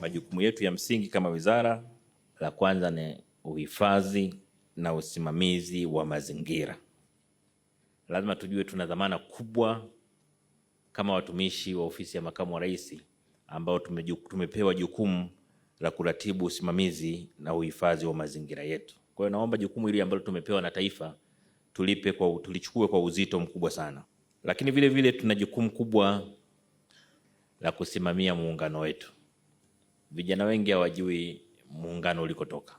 majukumu yetu ya msingi kama wizara, la kwanza ni uhifadhi na usimamizi wa mazingira. Lazima tujue tuna dhamana kubwa kama watumishi wa ofisi ya makamu wa rais ambao tumepewa jukumu la kuratibu usimamizi na uhifadhi wa mazingira yetu. Kwa hiyo naomba jukumu hili ambalo tumepewa na taifa tulipe kwa, tulichukue kwa uzito mkubwa sana, lakini vile vile tuna jukumu kubwa la kusimamia muungano wetu. Vijana wengi hawajui muungano ulikotoka,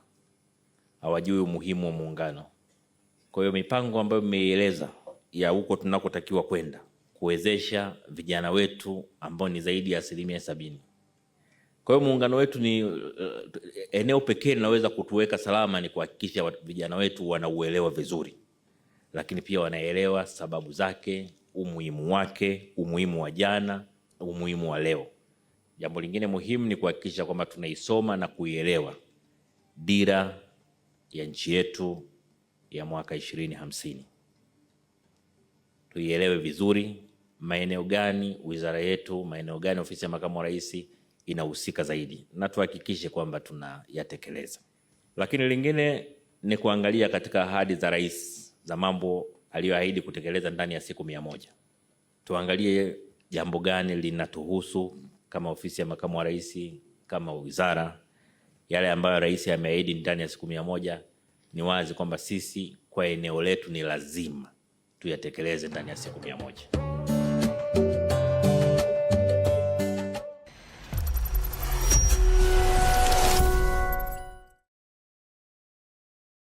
hawajui umuhimu wa muungano. Kwa hiyo mipango ambayo mmeieleza ya huko tunakotakiwa kwenda kuwezesha vijana wetu ambao ni zaidi ya asilimia sabini. Kwa hiyo muungano wetu ni uh, eneo pekee linaweza kutuweka salama ni kuhakikisha vijana wetu wanauelewa vizuri, lakini pia wanaelewa sababu zake, umuhimu wake, umuhimu wa jana, umuhimu wa leo. Jambo lingine muhimu ni kuhakikisha kwamba tunaisoma na kuielewa dira ya nchi yetu ya mwaka 2050. Tuielewe vizuri, maeneo gani wizara yetu, maeneo gani ofisi ya makamu wa rais inahusika zaidi, na tuhakikishe kwamba tunayatekeleza. Lakini lingine ni kuangalia katika ahadi za rais za mambo aliyoahidi kutekeleza ndani ya siku mia moja, tuangalie jambo gani linatuhusu kama ofisi ya makamu wa rais, kama wizara, yale ambayo rais ameahidi ndani ya siku mia moja ni wazi kwamba sisi kwa eneo letu ni lazima tuyatekeleze ndani ya siku mia moja.